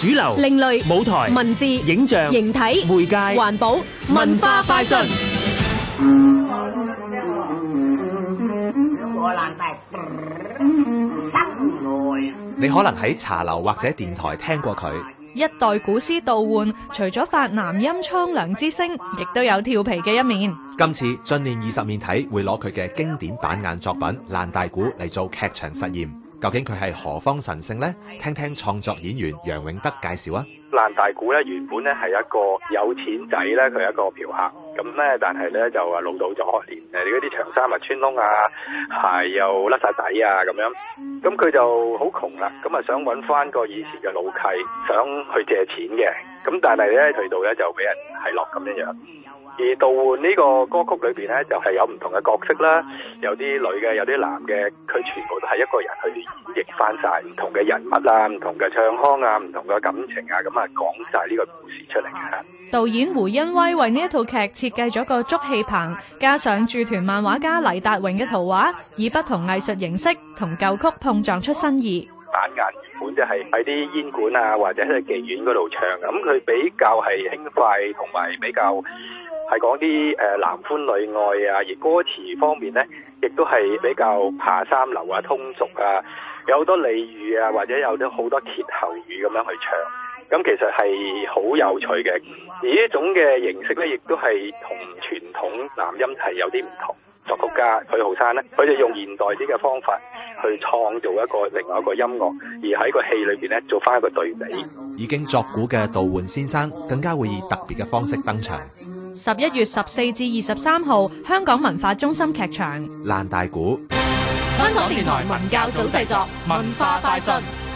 主流、另類舞台、文字、影像、形體、媒介、環保、文化、快訊。你可能喺茶樓或者電台聽過佢。一代瞽師杜煥，除咗發南音蒼涼之聲，亦都有調皮嘅一面。今次進念二十面體會攞佢嘅經典板眼作品《爛大鼓》嚟做劇場實驗。究竟佢係何方神聖呢？聽聽創作演員楊永德介紹啊！爛大鼓咧，原本咧係一個有錢仔咧，佢係一個嫖客咁咧，但係咧就話老到咗開連誒，嗰啲長衫啊、穿窿啊，鞋又甩晒底啊，咁樣咁佢就好窮啦，咁啊想搵翻個以前嘅老契，想去借錢嘅，咁但係咧佢度咧就俾人系落咁樣樣，而到呢個歌曲裏面咧就係、是、有唔同嘅角色啦，有啲女嘅，有啲男嘅，佢全部都係一個人去演繹翻晒唔同嘅人物啊，唔同嘅唱腔啊，唔同嘅感情啊咁啊。係講晒呢個故事出嚟嘅。導演胡恩威為呢一套劇設計咗個竹戲棚，加上駐團漫畫家黎達榮嘅圖畫，以不同藝術形式同舊曲碰撞出新意。板眼原本就係喺啲煙館啊，或者喺妓院嗰度唱。咁佢比較係輕快，同埋比較係講啲誒男歡女愛啊。而歌詞方面呢，亦都係比較爬三樓啊，通俗啊，有好多俚語啊，或者有啲好多歇後語咁樣去唱。咁其實係好有趣嘅，而呢種嘅形式咧，亦都係同傳統南音係有啲唔同。作曲家許浩山咧，佢就用現代啲嘅方法去創造一個另外一個音樂，而喺個戲裏邊咧做翻一個對比。已經作古嘅杜煥先生更加會以特別嘅方式登場。十一月十四至二十三號，香港文化中心劇場，爛大鼓。香港電台文教組製作，文化快訊。